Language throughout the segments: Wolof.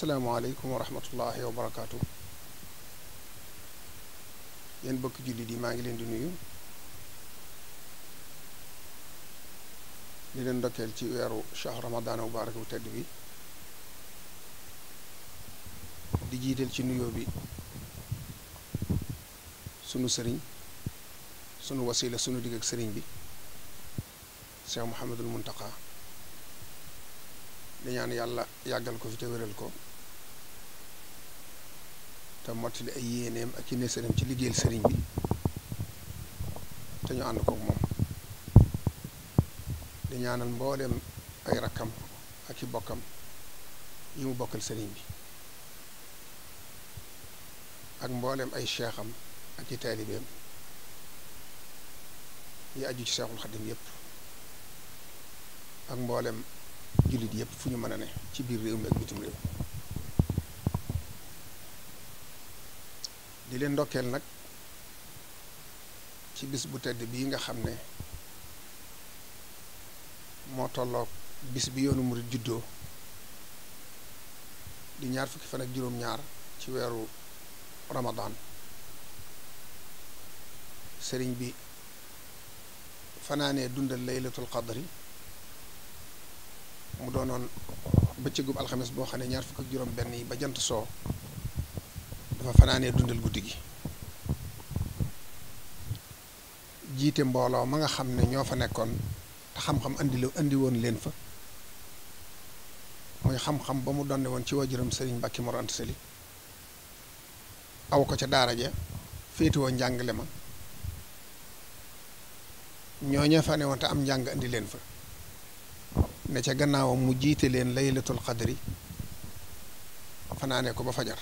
asalaamaaleykum wa rahmatullahi wa barakaatu yéen bokki jullit yi maa ngi leen di nuyu di leen ndokkeel ci weeru shahru ramadan mubarak bu tedd bi di jiital ci nuyoo bi sunu sëriñ sunu wasila sunu digg ak sëriñ bi Cheikh Mouhamadul Muntaqa di ñaan yàlla yàggal ko fi te wéral ko te mottali ay yéeneem ak ne neesanam ci liggéeyal sëriñ bi te ñu ànd kook moom di ñaanal mbooleem ay rakkam ak i bokkam yi mu bokkal sëriñ bi ak mbooleem ay seexam ak i taalibeem yi aju ci seexul xaddim yépp ak mbooleem jullit yépp fu ñu mën a ne ci biir réew mi ak bitim réew di leen ndokkeel nag ci bis bu tedd bii nga xam ne moo tolloog bis bi yoonu murit juddoo di ñaar fukki fan ak juróom-ñaar ci weeru Ramadan sëriñ bi fanaanee dundal laylatul qadri mu doonoon bëccëgub alxames boo xam ne ñaar fukk ak juróom benn yi ba jant soo dafa fanaanee dundal guddi gi jiite mbooloo ma nga xam ne ñoo fa nekkoon te xam-xam andi la andi woon leen fa muy xam-xam ba mu donne woon ci wajuram Serigne Mbacke Mor Anta Sali aw ko ca daara ja féetewoo njàngale ma ñoo ña fa ne woon te am njàng andi leen fa ne ca gannaawam mu jiite leen laylatul xadri fanaane ko ba fajar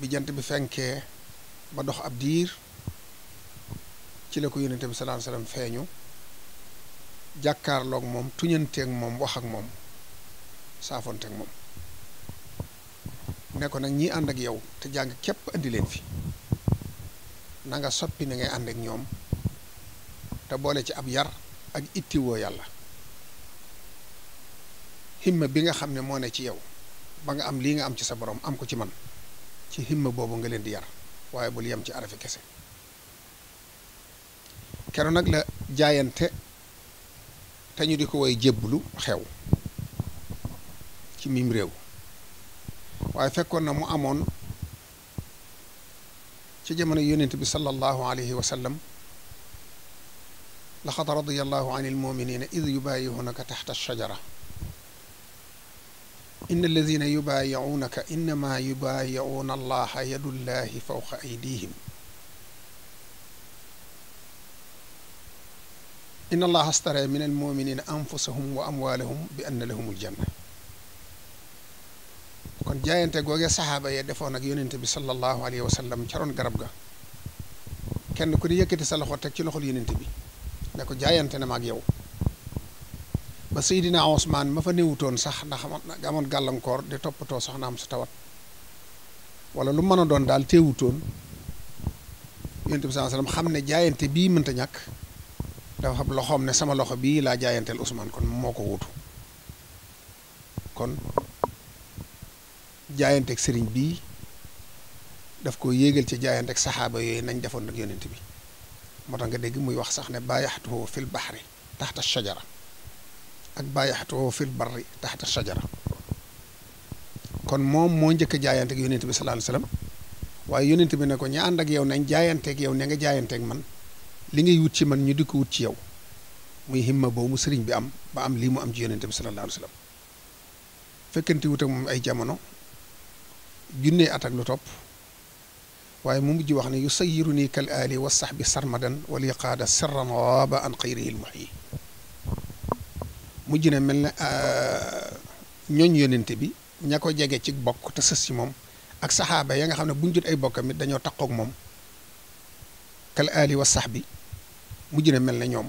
bi bi fenkee ba dox ab diir ci la ko yónnente bi sallallahu alayhi feeñu jàkkaarlook moom tuñanteeg moom wax ak moom saafonteeg moom ne ko nag ñi ànd ak yow te jàng képp andi leen fi nanga nga soppi ni ngay ànd ak ñoom te boole ci ab yar ak ittiwoo yàlla himma bi nga xam ne moo ne ci yow ba nga am lii nga am ci sa borom am ko ci man ci himma boobu nga leen di yar waaye bul yem ci arafi kese keroog nag la jaayante te di ko woy jébblu xew ci miim réew waaye fekkoon na mu amoon ci jamono yonent bi sallallahu alayhi wa sallam laqad radiallahu an almuminina id yubayiunaka taxta alshajara inna alladina yubaayicuunaka innama yubaayicuuna allaha yadullahi fawqa aydihim inna allaha astara min almuminina anfusahum wa amwaalahum bi anna lahum aljanna kon jaayante googee saxaaba ya defoon ak yonente bi sallallahu alayhi wa sallam ca garab ga kenn ku di yëkkati sa loxo teg ci loxol yonente bi ne ko jaayante na ma ak yow ba Seydina Ousmane ma fa néewutoon sax ndax amoon gàllankoor di toppatoo soxna am su tawat wala lu mën a doon daal teewutoon yonent bi sallam xam ne jaayante bii mënta ñàkk dafa loxoom ne sama loxo bii laa jaayanteel Ousmane kon moo ko wutu kon jaayanteeg sëriñ bii daf ko yéegal ci jaayanteeg saxaaba yooyu nañ defoon nag yonent bi moo tax nga dégg muy wax sax ne baayaxtuhu fil baxri taxta shajara ak bàyyaxtoo fil barri taxta shajara kon moom moo njëkk a jaayante ak yonent bi sallallahu waaye yonent bi ne ko ñi ànd ak nañ jaayanteeg yow ne nga jaayanteeg man li ngay wut ci man ñu di ko wut ci yow muy himma boobu sëriñ bi am ba am lii mu am ci yonent bi sallallahu alayhi wasallam fekkente wut ay jamono junne at ak lu topp waaye mu wax ne yusayiru nii kal aali wa saxbi sarmadan wal an xayrihi l muhyi mujj na mel na euh, ñooñ yonente bi ña ko jege ci bokk te sës ci moom ak saxaaba ya nga xam ne buñ jot ay bokkam it dañoo taqoog moom kal ali wa sax bi mujj na mel na ñoom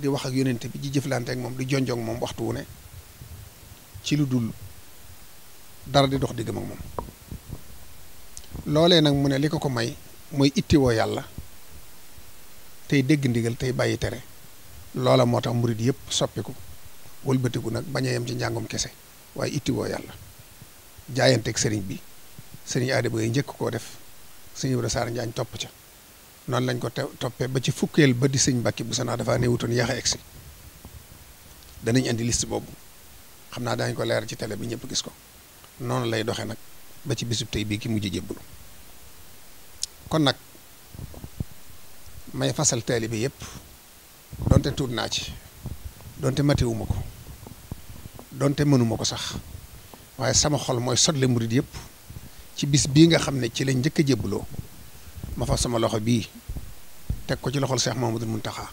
di wax ak yonente bi di jëflante ak moom di jonjoog moom waxtu wu ne ci lu dul dara di dox diggam ak moom loolee nag mu ne li ko ko may mooy ittiwoo yàlla tey dégg ndigal tey bàyyi tere loola moo tax murid yëpp soppiku wëlbatiku nag bañ a yem ci njàngum kese waaye ittiwoo yàlla jaayanteeg sëriñ bi sëriñ aada ba njëkk koo def sëñ Ibra Saar Njaañ topp ca noonu lañ ko toppee ba ci fukkeel ba di sëñ Mbàkke bu naa sanaa dafaa newutoon yéex a egsi danañ indi liste boobu xam naa daañu ko leer ci tele bi ñëpp gis ko noonu lay doxee nag ba ci bisub tey bii ki mujj jébbalu kon nag may fasal taalibe bi yëpp donte tuut naa ci donte matewuma ko donte mënuma ko sax waaye sama xol mooy sotle murit yëpp ci bis bii nga xam ne ci lañ njëkk a jébbaloo ma fa sama loxo bii teg ko ci loxol Cheikh Mamadou Mountakha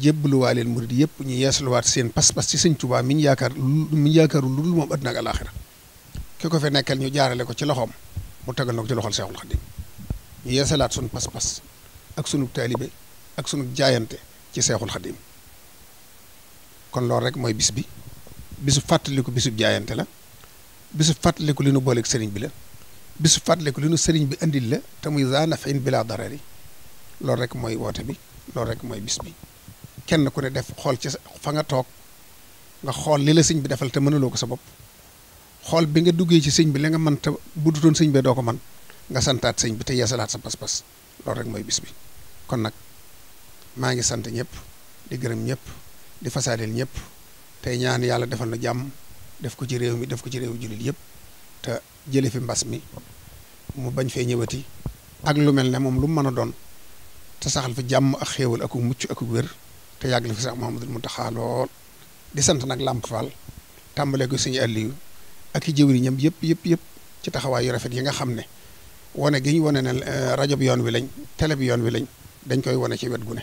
jébbaluwaa leen murit yëpp ñu yeesaluwaat seen pas-pas ci Sëñ Tuubaa mi ñu yaakaar mi ñu yaakaaru lu dul moom àddina ak alaaxira ki ko fi nekkal ñu jaarale ko ci loxoom mu tegal na ko ci loxol Seexul Xadiim ñu yeesalaat sunu pas-pas ak sunu taalibe ak sunu jaayante ci Seexul Xadiim kon loolu rek mooy bis bi bisu fàttaliku bisu jaayante la bisu fàttaliku li nu booleeg sëriñ bi la bisu fàttaliku li nu sëriñ bi indil la te muy zaa nafin bilaa darari loolu rek mooy woote bi loolu rek mooy bis bi kenn ku ne def xool ci fa nga toog nga xool li la sëñ bi defal te mënuloo ko sa bopp xool bi nga duggee ci sëñ bi la nga mën te buddutoon sëñ bee doo ko man nga santaat sëñ bi te yeesalaat sa pas-pas loolu rek mooy bis bi kon nag maa ngi sant ñëpp di gërëm ñëpp di fasaadeel ñëpp tey ñaan yàlla defal na jàmm def ko ci réew mi def ko ci réew jullit yëpp te jële fi mbas mi mu bañ fee ñëwati ak lu mel ne moom lu mu mën a doon te saxal fi jàmm ak xéewal ak mucc ak wér te yàgg la fi sax Muhammadul Muntaxa lool di sant nag Lamp Fall tàmbalee ko suñu àll yu ak i jëwriñam yëpp yëpp yëpp ci taxawaay yu rafet yi nga xam ne wane gi ñu wane ne euh, rajo bi yoon wi lañ télé bi yoon wi lañ dañ koy wane ci wet gu ne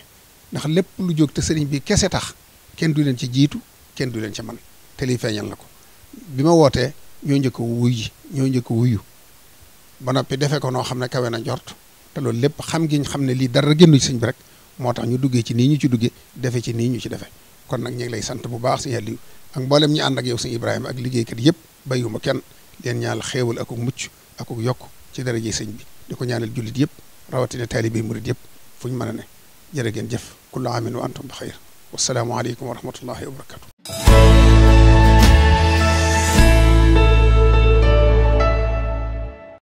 ndax lépp lu jóg te bi kese tax kenn du leen ci jiitu kenn du leen ca man te lii feeñal na ko bi ma wootee ñoo njëkk wuy ñoo njëkk wuyu ba noppi defee ko noo xam ne kawe na njort te loolu lépp xam ngiñ xam ne lii dara génnu sëñ bi rek moo tax ñu duggee ci nii ñu ci duggee defe ci nii ñu ci defe kon nag ñu ngi lay sant bu baax sëñ Aliou ak mboolem ñu ànd ak yow sëñ Ibrahima ak liggéey liggéeykat yëpp ma kenn leen ñaal xéewal akuk mucc akuk yokk ci daraje sëñ bi di ko ñaanal jullit yëpp rawatina taalibe murit yëpp fu ñu mën a ne jërë ngeen jëf kullu aamin wa antum bi xayr wassalaamu aleykum wa rahmatullahi wa barakatu